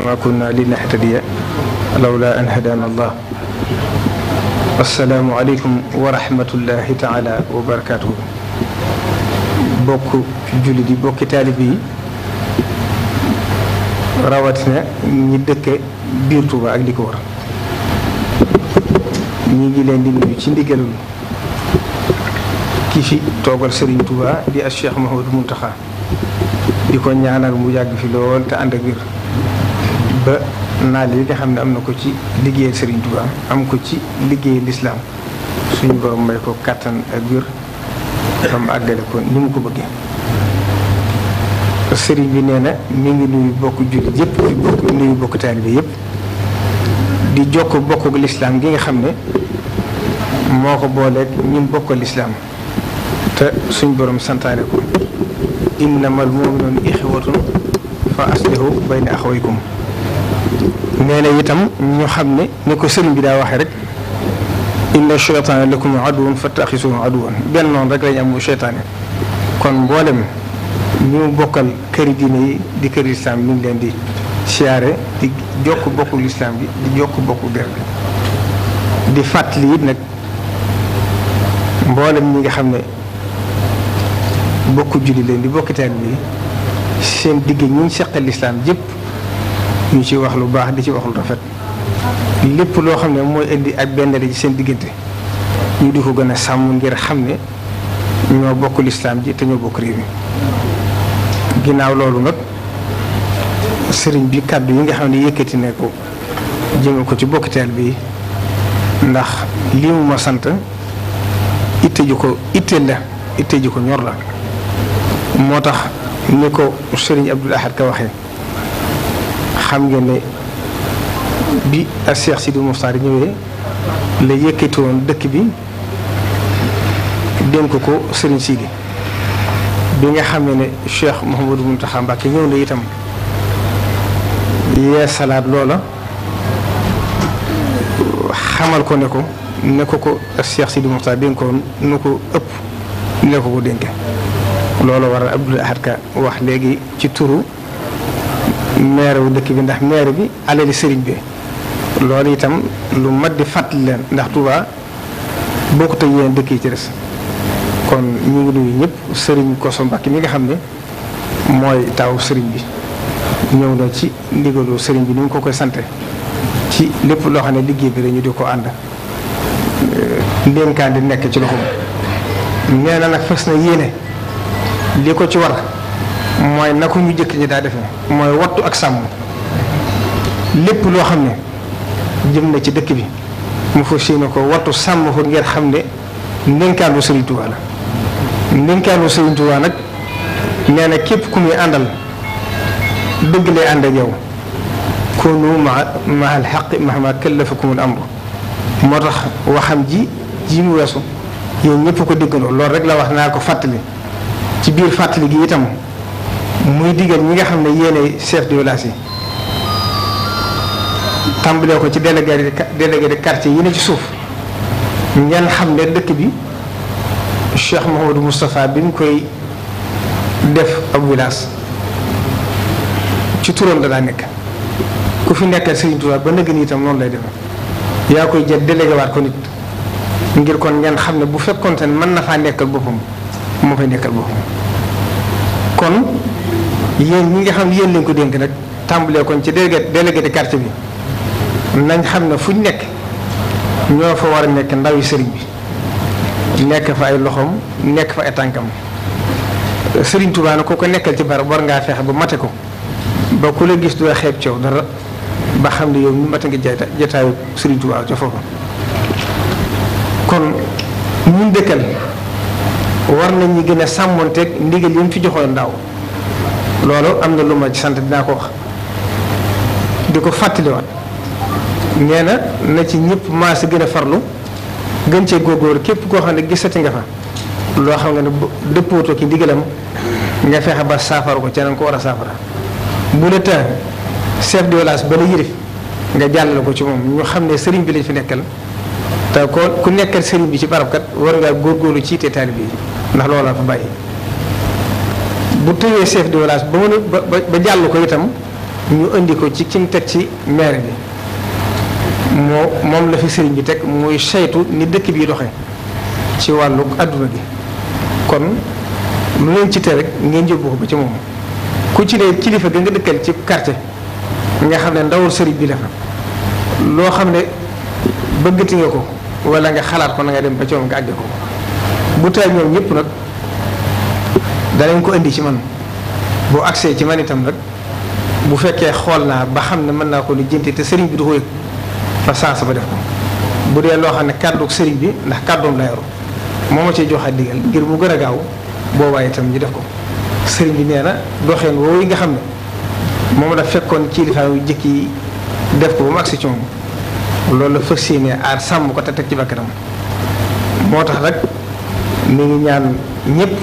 ما كنا لنهتدي لولا أن هدانا الله assalaamu aleykum wa rahmatullahi taala wa barakatuhu bokk jullit yi bokki taalib yi rawatina ñi dëkke biir Tuuba ak li ko war ñi ngi leen di nuyu ci ndigalul ki fi toogal Sëriñ Tuuba di as Cheikh Mouhamadou Mountakha di ko ñaanal mu yàgg fi lool te ànd ak wér ba naaj yi nga xam ne am na ko ci liggéeyal Serigne Touba am ko ci liggéeyal lislaam suñu borom may ko kàttan ak wér ba mu àggale ko ni mu ko bëggee. Serigne bi nee na mi ngi nuyu bokk jullit yëpp di bokk nuyu bokk taalibe yëpp di jokk bokk ak lislaam gi nga xam ne moo ko booleeg ñun bokkal lislaam te suñu borom santaane ko innamal mu'minuuna ixwatun fa aslihu bayna axawaykum nee na itam ñu xam ne ni ko sëriñ bi daa waxee rek inna cheytaana lakum aduwwan fattaxisuhu aduwwan benn noonu rek lañu am bu cheytaane kon mboolem ñu bokkal këri diine yi di këri lislaam ñu ngi leen di siyaare jokk bokku lislaam di jokk bokku der fàttali it nag mboolem ñi ngi xam ne bokku julli leen di bokki taal bi seen digg ñi ñu seqal lislaam jëpp ñu ci wax lu baax di ci wax rafet lépp loo xam ne mooy indi ak benn ci seen diggante ñu di ko gën a sàmm ngir xam ne ñoo bokk lislaam ji te ñoo bokk réew mi ginnaaw loolu nag sëriñ bi kàddu yi ngi xam ne yëkkati ne ko jëme ko ci bokkiteel bi ndax lii mu ma sant itte ji ko it la itte ji ko ñor la moo tax ni ko sëriñ Abdul Ahad ka waxee xam ngeen ne bi ak Cheikh Sidi Mokhtar ñëwee la yëkkati woon dëkk bi dénk ko Serigne Sidi bi nga xam ne ne Cheikh Mouhamadou Mountakha Mbacké ñëw na itam yee salaat loola xamal ko ne ko ne ko ko Cheikh Sidi Mokhtar dénkoon nu ko ëpp ne ko ko dénke loolu war a Abdoul Ahad Ka wax léegi ci turu maire wu dëkk bi ndax maire bi alali sëriñ bi loolu itam lu mat di fàttali leen ndax Touba bokkut ak yeneen dëkk yi ci des kon ñu ngi nuyu ñëpp sëriñ Koso Mbàkke mi nga xam ne mooy taw sëriñ bi ñëw na ci ndigalu sëriñ bi ni mu ko koy sante ci lépp loo xam ne liggéey bi dañu di ko ànd ndénkaan di nekk ci loxoom nee na nag fas na yéene li ko ci war mooy na ko ñu jëkk ñi daa defe mooy wattu ak sàmm lépp loo xam ne jëm na ci dëkk bi mu fas yéene ko wattu sàmm ko ngir xam ne ndénkaanu Sëriñ Tuubaa la ndénkaanu Sëriñ nag nee na képp ku muy àndal dëgg lay ànd ak yow kunu ma maa al xaq mahma kallafakumul amru moo tax waxam ji ji mu weesu yéen ñëpp ko déggandoo loolu rek la wax naa ko fàttali ci biir fàttali gi itam muy digal ñi nga xam ne yéenay chef de village yi tàmbalee ko ci délégué délégué de quartier yi ne ci suuf ngeen xam ne dëkk bi Cheikh Mouhamadou Moustapha bi mu koy def ab village ci turam danaa nekk ku fi nekkal Serigne Touba ba nëgg ni itam noonu lay defe yaa koy jël délégué ko nit ngir kon ngeen xam ne bu fekkonte ne mën na faa nekkal boppam moo fay nekkal boppam kon yéen ñi nga xam yéen lañ ko dénk nag tàmbalee kon ci délégué délégué de quartier bi nañ xam ne fuñ nekk ñoo fa war a nekk ndawi sëriñ bi nekk fa ay loxoom nekk fa ay tànkam sëriñ Tuubaa na ko ko nekkal ci barab war ngaa fexe ba mate ko ba ku la gis du dara ba xam ne yow ñu mate nga jata jataayu sëriñ Tuubaa ca foofa kon ñun dëkkal war nañ ñu gën a sàmmonteeg ndigal yi fi joxoon daaw loolu am na lu ma ci sant dinaa ko wax di ko fàttaliwaat nee na na ci ñëpp maa si gën a farlu gën cee góorgóorlu képp koo xam ne gisati nga fa loo xam nga ne dëppootoo ki ndigalam nga fexe ba saafara ko ca na ko war a saafara bu la ta chef de village ba la yërif nga jàllale ko ci moom ñu xam ne sëriñ bi lañ fi nekkal te ko ku nekkal sëriñ bi ci barab war ngaa góorgóorlu ci te taalib yi ndax loolu la fa bàyyi. bu tëyee chef de village ba mu a ba ba jàll ko itam ñu indi ko ci ki teg ci maire bi moo moom la fi sëriñ bi teg muy saytu ni dëkk bi doxe ci wàllu adduna bi kon lu leen ci te rek ngeen yóbbu ko ba ci moom ku ci ne kilifa ga nga dëkkal ci quartier nga xam ne ndawul sëriñ bi la loo xam ne bëggati nga ko wala nga xalaat ko na nga dem ba ci moom nga àgge ko bu tey ñoom ñëpp nag. danañ ko indi ci man boo agsee ci man itam rek bu fekkee xool naa ba xam ne mën naa ko lijjanti te sëriñ bi du ko yëg fa saasa ba def ko bu dee loo xam ne kàddu sëriñ bi ndax kàddoom la yoru moo ma cee joxaat digal ngir mu gën a gaaw boobaa itam ñu def ko sëriñ bi nee na doxeen woowu yi nga xam ne moom la fekkoon ci lifaam yu jëkk yi def ko ba mu agsi ci moom loolu la fas yéene aar sàmm ko te teg ci bakkanam moo tax rek mi ngi ñaan ñëpp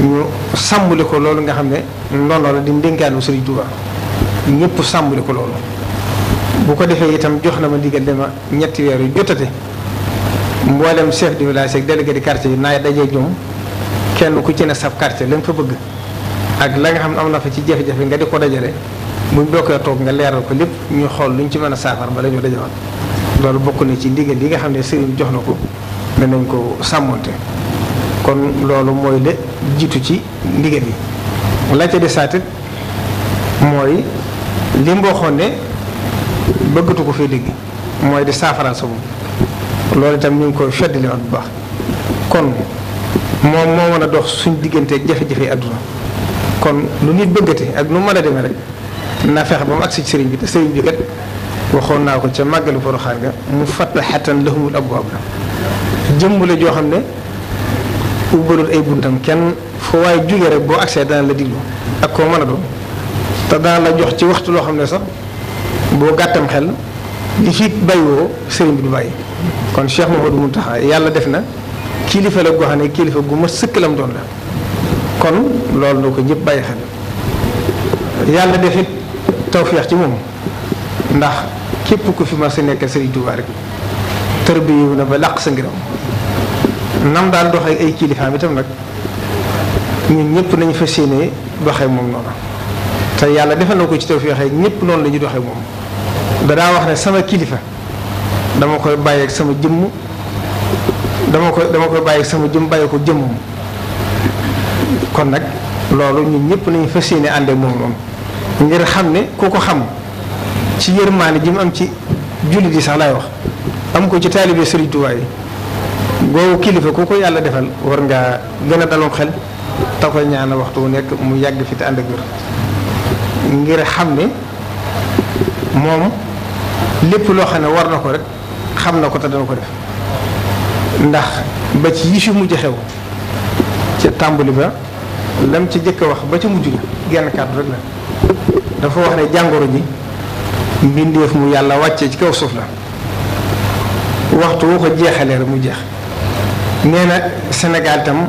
ñu sàmmule ko loolu nga xam ne ndono la di ndénkaanu Sëriñ Tuubaa ñëpp sàmmule ko loolu bu ko defee itam jox na ma ndigal dama ñetti weer yu jotate mboolem chef de village ak délégué de quartier yi naay dajee ñoom kenn ku ci ne sab quartier lañ nga fa bëgg ak la nga xam ne am na fa ci jafe-jafe nga di ko dajale buñ bokkee toog nga leeral ko lépp ñu xool luñ ci mën a saafar bala ñu dajawaat loolu bokk na ci ndigal yi nga xam ne sëriñ jox na ko danañ ko sàmmonte kon loolu mooy la jiitu ci ndigal yi la ca desaatit mooy li boo waxoon ne bëggatu ko fee dégg mooy di saafaraal sa bopp loolu itam ñu ngi koy feddali waat bu baax kon moom moo mën a dox suñ diggante jafe-jafe àdduna kon lu nit bëggate ak nu mën a demee rek naa fexe ba mu agsi sëriñ bi te sëriñ bi kat waxoon naa ko ca màggalu Porokhane nga mu fattaxatan lahumul abwaab la jëmm la joo xam ne ubbalul ay buntam kenn foo waaye jógee rek boo agsee dana la diglu ak koo mën a doon te dana la jox ci waxtu loo xam ne sax boo gàttam xel li fi bàyyiwoo sëriñ bi du bàyyi kon Cheikh Mouhamadou tax yàlla def na kilifa la goo xam ne kilifa gu ma sëkkalam doon la kon loolu na ko ñëpp bàyyi xel yàlla def it tawfeex ci moom ndax képp ku fi ma sa nekk sëriñ Tuubaa rek tërbiyewu na ba làq sa ngiram nam daal doxe ak ay kilifaam itam nag ñun ñëpp nañu fas yéene doxee moom noonu te yàlla defal na ko ci tawfeex ak ñëpp noonu la ñuy doxee moom. danaa wax ne sama kilifa dama koy bàyyeeg sama jëmm dama koy dama koy bàyyeeg sama jëmm bàyyi ko jëmmam kon nag loolu ñun ñëpp nañu fas yéene àndee moom noonu ngir xam ne ku ko xam ci yërmaane ji mu am ci jullit yi sax laay wax am ko ci taalibe Sëriñ Tuubaa yi googu kilifa ku ko yàlla defal war ngaa gën a daloo xel te ko waxtu wu nekk mu yàgg fi te ànd ak ngir xam ne moom lépp loo xam ne war na ko rek xam na ko te dana ko def ndax ba ci yi fi mujj ca tàmbali ba lam ci jëkk wax ba ca mujj la genn kàddu rek la dafa wax ne jàngoro ji mbindeef mu yàlla wàccee ci kaw suuf la waxtu woo ko jeexalee rek mu jeex nee na Sénégal tam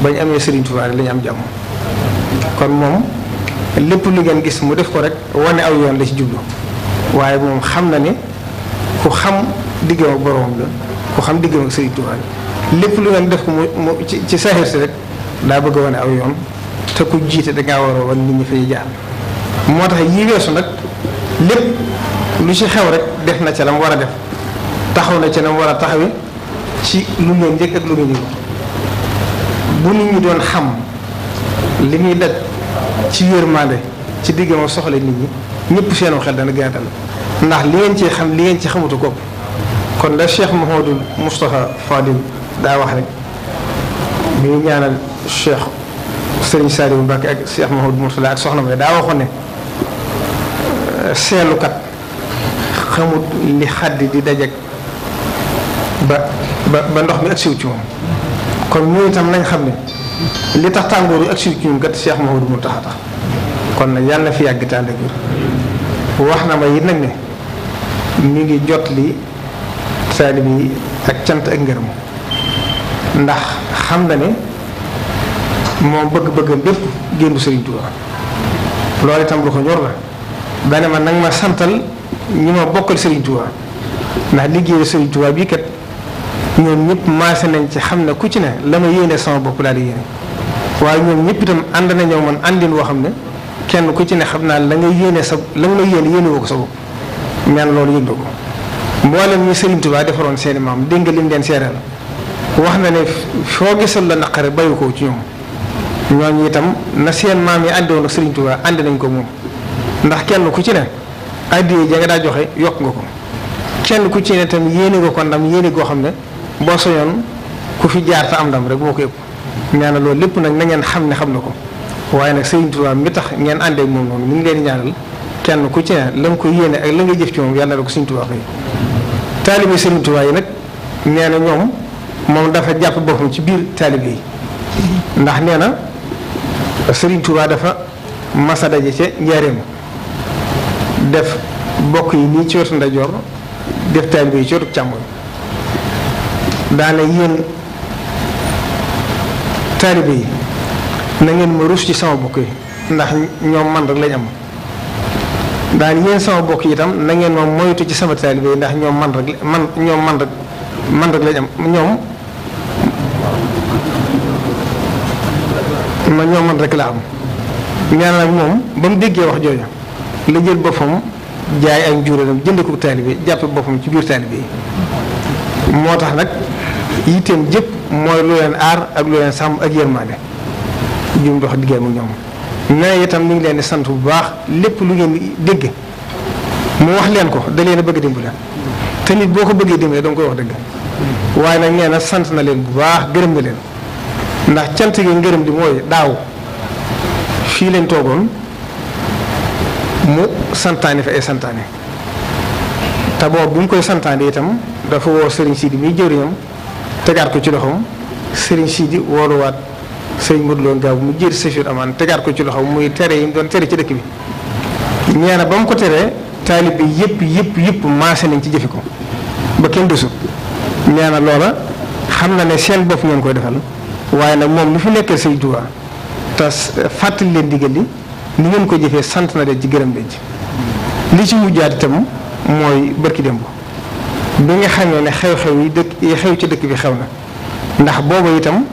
bañ amee Serigne Touba rek la ñu am jàmm kon moom lépp lu ngeen gis mu def ko rek wane aw yoon la ci jublu waaye moom xam na ni ku xam diggam ak boroom la ku xam diggam ak Serigne Touba lépp lu ngeen def ko mu ci ci saaxir si rek daa bëgg a wane aw yoon te ku jiite dangaa war a wan nit ñi fay jaar moo tax yii weesu nag lépp lu ci xew rek def na ca war a def taxaw na ca la mu war a taxawi ci nu ñoo njëkk ak nu ñu bu nit ñi doon xam li muy daj ci yërmande ci diggam soxla nit ñi ñëpp seen xel dana gën a dal ndax li ngeen ci xam li ngeen ci xamutu ko kon la Cheikh Mouhamadou Moustapha Fadil daa wax rek mi ngi ñaanal Cheikh Serigne Saliou Mbacké ak Cheikh Mouhamadou Mourtala ak soxna ma daa waxoon ne seelukat xamut li xaddi di dajek ba ba ba ndox mi agsiwut ci moom kon ñun itam nañ xam ne li tax tàngoor yu agsiwut ci ñun kat Cheikh Mouhamadou Mountakha tax kon nag yàlla na fi yàgg te ànd wax na ma it nag ne mi ngi jot li taalib yi ak cant ak ngërëm ndax xam na ne moom bëgg-bëggam bépp génn Sëriñ Tuubaa loolu itam lu ko ñor la dane ma nag ma santal ñi ma bokkal Sëriñ Tuubaa ndax liggéey Sëriñ Tuubaa bii kat ñoom ñëpp maase nañ ci xam ne ku ci ne la ma yéene sama bopp daal di yéene waaye ñoom ñëpp itam ànd nañoo man àndin woo xam ne kenn ku ci ne xam naa la nga yéene sa la nga yéene yéene woo ko sa bopp ñaan loolu yëg ko mboolem ñi Serigne Touba defaroon seeni maam dégg nga lim leen seeral wax na ne foo gisal la naqare bayu ko ci ñoom ñooñu itam na seen maam yi àndoon ak Serigne Touba nañ ko moom ndax kenn ku ci ne addiye ja nga daa joxe yokk nga ko kenn ku ci ne itam yéene nga ko ndam yéene goo xam ne boo soñoon ku fi jaar te am ndam rek boo ko yëpp ñaanal loolu lépp nag na ngeen xam ne xam na ko waaye nag Sëriñ Tuubaa mi tax ngeen àndee ak moom noonu mi ngi leen ñaanal kenn ku ci ne la nga koy yéene ak la nga jëf ci moom yàlla ko Sëriñ Tuubaa xëy taalibe Sëriñ yi nag nee na ñoom moom dafa jàpp boppam ci biir taalibe yi ndax nee na Sëriñ Tuubaa dafa masa daje ca njaareem def bokk yi nii ci wetu ndajoor def taalibe yi ci wetu càmmoñ daana yéen taalibe yi na ngeen ma rus ci sama bokk yi ndax ñoom man rek lañ am daan yéen sama bokk yi itam na ngeen ma moytu ci sama taalibe yi ndax ñoom man rek man ñoom man rek man rek ñoom ma ñoom man rek la am ñaan nag moom ba mu déggee wax jooju la jël boppam jaay ak njuréelam jënd ko taalibe jàppe boppam ci biir taalibe yi moo tax nag yitteem jëpp mooy lu leen aar ak lu leen sàmm ak yërmaande jum dox diggéen mu ñoom nee itam ñu ngi leen di sant bu baax lépp lu ngeen dégg mu wax leen ko da leen a bëgg dimbale te nit boo ko bëggee dimbale danga koy wax dëgg waaye nag nee na sant na leen bu baax gërëm leen ndax cant gi ngërëm di mooy daaw fii leen toogoon mu santaane fi ay santaane te boobu bu mu koy santaane itam dafa woo Serigne Sidi miy jëriñam tegaat ko ci loxoom Serigne Sidi wooluwaat Serigne Modou Lo Ngaabu mu jër Safir Amaan tegaat ko ci loxoom muy tere yi mu doon tere ci dëkk bi nee ba mu ko teree taalib bi yëpp yëpp yëpp maase nañ ci jëfe ko ba kenn desut nee na loola xam na ne seen bopp ngeen koy defal waaye nag moom lu fi nekkee Sëriñ Tuubaa te fàttali leen digal li ni ngeen ko jëfee sant na leen ci gërëm leen ci li ci mujjaat itam mooy barki démb bi nga xamee ne xew-xew yi dëkk yi xew ci dëkk bi xew na ndax boobu itam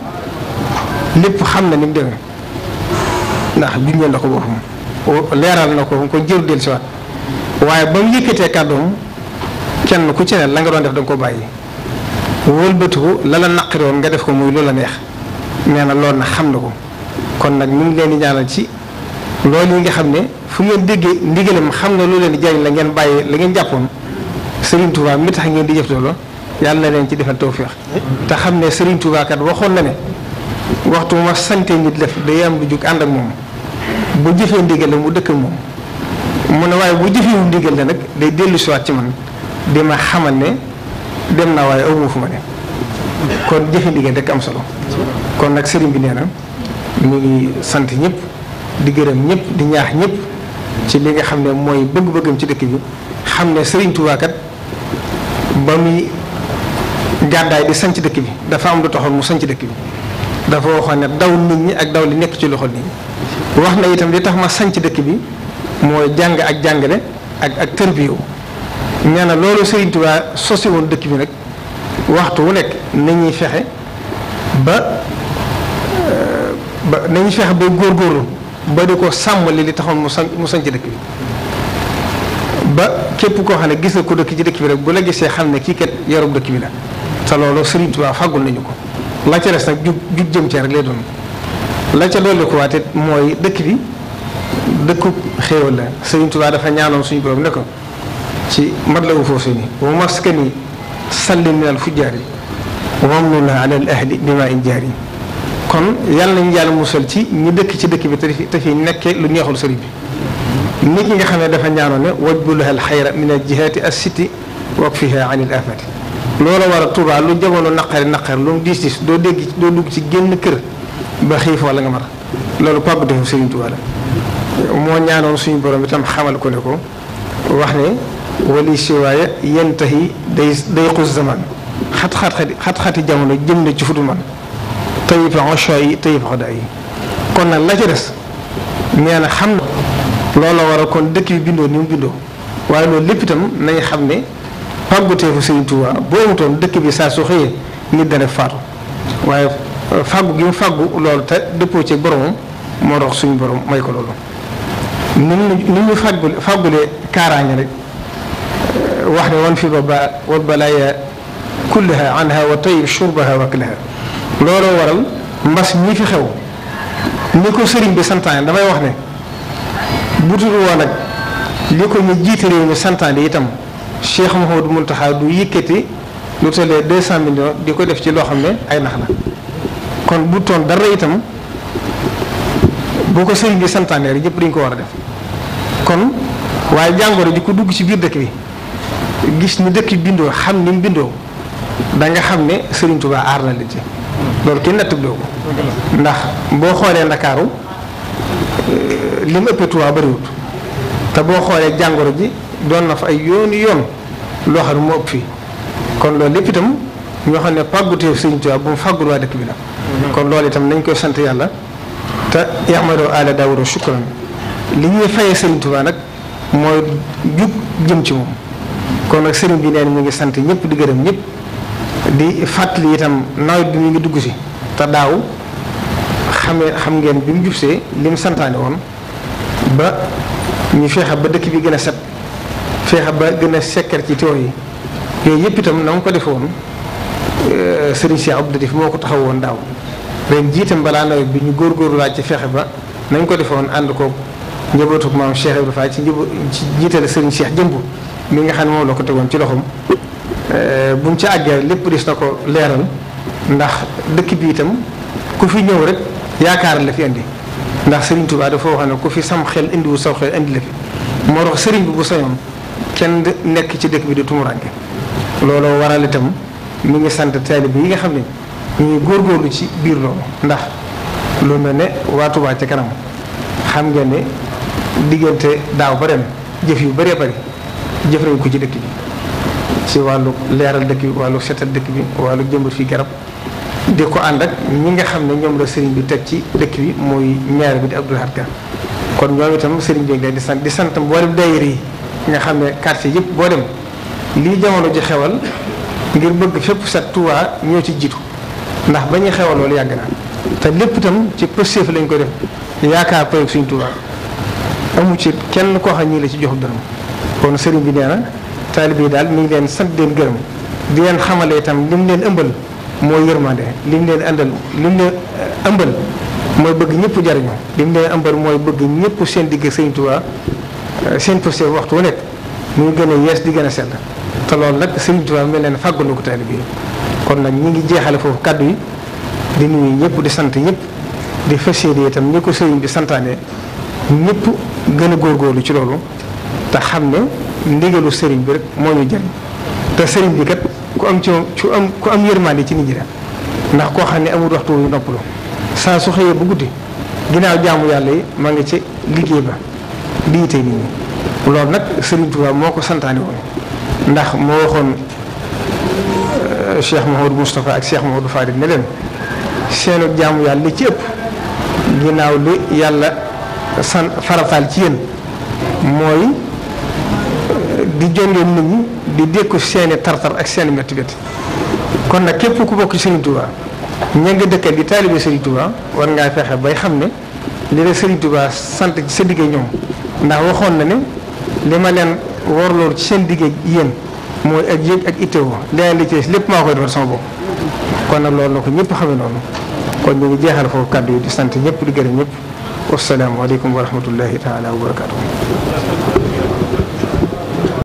lépp xam na ni mu demee ndax junjoon na ko boppam leeral na ko ko jëru del siwaat waaye ba mu yëkkatee kenn ku ci la nga doon def da ko bàyyi wëlbatiku la la naqiroon nga def ko muy lu la neex nee na loolu nag xam na ko kon nag mu ngi leen di ñaanal ci loolu yi nga xam ne fu ngeen déggee ndigalam xam na lu leen di jariñ la ngeen bàyyi la ngeen jàppoon Serigne Touba mi tax ngeen di jëf loolu yàlla na leen ci defal tawféex te xam ne Serigne Touba kat waxoon na ne waxtu ma sante nit def day am lu jug ànd ak moom bu jëfee ndigal mu dëkk moom mu ne waaye bu jëfewu ndigal la nag day dellu siwaat ci man di ma xamal ne dem naa waaye aw fu ma ne kon jëfe ndigal rek am solo kon nag sëriñ bi nee na mu ngi sant ñëpp di gërëm ñëpp di ñaax ñëpp ci li nga xam ne mooy bëgg-bëggam ci dëkk bi xam ne sëriñ Tuubaa ba muy gàddaay di sanc dëkk bi dafa am lu taxoon mu sanc dëkk bi dafa waxoon ne ak daw li ci loxo nit ñi wax na itam li tax ma sanc dëkk bi mooy jàng ak jàngale ak ak tërbiyu nee na loolu Sëriñ Tuubaa sosi woon dëkk bi nag waxtu wu nekk nañuy fexe ba ba nañuy fexe ba góorgóorlu ba di ko sàmmali li taxoon mu sanc mu sanc dëkk bi ba képp koo xam ne gis na ko dëkk ci dëkk bi rek bu la gisee xam ne kii kat yarub dëkk bi la te loolu Serigne Touba faggul nañu ko la ca des nag jub jub jëm cee rek lay doon la ca dolli ko waate mooy dëkk bi dëkku xéewal la Serigne Touba dafa ñaanoon suñu borom ne ko ci mat la wu foofu ni wa maskani salli fu jaar yi wamnu na alal ahli bima in jaar yi kon yàlla nañu yàlla musal ci ñu dëkk ci dëkk bi te fi nekkee lu neexul sëriñ bi nit ñi nga xam ne dafa ñaanoon ne wajbuluhal xayra min al jihaati assiti wakfiha anil afati loola war a Tuubaa lu jamono naqari naqar lu mu diis diis doo dégg doo dugg ci génn kër ba xiif wala nga mar loolu pàggu defu Sëriñ Tuubaa la moo ñaanoon suñu borom itam xamal ko ne ko wax ne wali siwaaya yantahi day day xus zaman xat-xat xat-xati jamono jëm na ci futu man tayifa xocho yi tayifa xoda yi kon nag la ci des nee na xam loolu la war kon dëkk yu bindoo ni mu bindoo waaye loolu lépp itam nañ xam ne fàgguteefu Serigne Touba boo amutoon dëkk bi saa su xëyee nit dana faatu waaye euh, fàggu gi mu fàggu loolu te dëppoo ci boromam moo dox suñu borom may ko loolu. ni ñu ñu fàggule fàggule rek euh, wax ne wan fi ba ba wal balaaya kullaha anha wa tayib shurbaha wa aklaha looloo waral mbas ñi fi xew ni ko sëriñ bi santaane damay wax ne. butul woon ak li ko ñu jiite réew mi santaane itam Cheikh Mouhamadou Mountakha du yëkkati lu tollee deux cent millions di ko def ci loo xam ne ay nax la kon bu toon dara itam boo ko sëriñ bi santaane rek dañ ko war a def kon waaye jàngoro ji ko dugg ci biir dëkk bi gis ni dëkk bindoo xam ni bindoo da xam ne Sëriñ Tuubaa aar na la ci loolu kenn nattable ko ndax boo xoolee Ndakaaru li mu ëppee Touba bëriwut te boo xoolee jàngoro ji doon na fa ay yoon yoon loo xam ne moo ëpp fii kon loolu lépp itam ñoo xam ne pàgguteef Sëriñ Touba bu mu fàggul waa dëkk bi la kon loolu itam nañ koy sant yàlla te yaxmadoo ala daawudo shukran li ñuy fayee Sëriñ Touba nag mooy jug jëm ci moom kon nag sëriñ bi neen mu ngi sant ñëpp di gërëm ñëpp di fàttali itam nawet bi mu ngi dugg si te daaw xamee xam ngeen bi mu jubsee li mu santaane woon ba ñu feexa ba dëkk bi gën a set feexa ba gën a sekkar ci tool yi yooyu yëpp itam na nga ko defoon euh, sëriñ si Abdou Latif moo ko taxaw woon daaw ren jiitam balaa nawet bi ñu góorgóorlu laaj ci fexe ba nañ ko defoon ànd ko njabootuk maam Cheikh Ibrahima Fall ci njëbo ci jiitale sëriñ Cheikh jëmb mi nga xam ne moom la ko tegoon ci loxoom euh, bu mu ci àggee lépp dis na ko leeral ndax dëkk bi itam ku fi ñëw rek yaakaar la fi indi ndax Serigne Touba dafa wax ne ku fi sam xel indiwu saw xel indi la fi moo tax sëriñ bi bu sañoon kenn nekk ci dëkk bi di tumuranke looloo waral itam mu ngi sant taalibe yi nga xam ne ñu ngi góorgóorlu ci biir loolu ndax lu mel ne waa Touba ca kanam xam nga ne diggante daaw ba ren jëf yu bëree bëri jëf nañ ko ci dëkk bi ci wàllu leeral dëkk bi wàllu setal dëkk bi wàllu jëmbat fii garab di ko ànd ak ñi nga xam ne ñoom la sëriñ bi teg ci dëkk bi mooy ñaar bi di Abdou Lahad Ka kon ñoom itam sëriñ bi di sant di sant mboolem daayira yi nga xam ne quartier yëpp boo dem lii jamono ji xewal ngir bëgg fépp sa Touba ñoo ci jiitu ndax ba ñuy xewal yàgg na te lépp itam ci pëstéef lañ ko def yaakaar payoog suñu Touba amu ci kenn koo xam ñii la ci jox dërëm kon sëriñ bi nee na taalibe yi daal mi ngi leen sant di leen gërëm di leen xamale itam lim leen ëmbal. mooy yërmande li mu leen àndal li mu leen euh, ëmbal mooy bëgg ñëpp jariñu li mu leen ëmbal mooy bëgg ñëpp seen digg sëñ Tuubaa euh, seen posté waxtu wu nekk muy gën a yees di gën a sell te lool nag sëñ Tuubaa mel leen fàggu na ko bi kon nag ñi ngi jeexale foofu kàddu ñëpp di sant ñëpp di fas yéene itam ñi ko sëriñ bi santaane ñëpp gën a góorgóorlu ci loolu te xam ne ndigalu sëriñ bi rek moo ñu jariñ te sëriñ bi kat. ku am coow ku am ku am yërmande ci nit ñi ndax koo xam ne amul waxtu nopp noppalu saa su xëyee bu guddi ginnaaw jaamu yàlla yi ma nga ci liggéey ba di yite nit ñi loolu nag Serigne Touba moo ko santaane woon ndax moo waxoon euh, Cheikh Mahodou Moustapha ak Cheikh Mahodou Farid ne leen seenu jaamu yàlla li ci ëpp ginnaaw li yàlla san farataal ci yéen mooy di jonjoon nit ñi di dékku seeni tartar ak seeni métti métti kon nag képp ku bokk ci Serigne Touba ña nga dëkkal di taalibe Serigne Touba war ngaa fexe bay xam ne li la Serigne Touba sant ci sa digge ñoom ndax waxoon na ne li ma leen warlool ci seen digge yéen mooy ak yëg ak itteewoo leneen li ci lépp maa koy defal sama bopp kon nag loolu na ko ñëpp xamee noonu kon ñu ngi jeexal foofu kàddu yi di sant ñëpp di gërëm ñëpp wasalaamualeykum wa rahmatullahi taala wa barakaatu.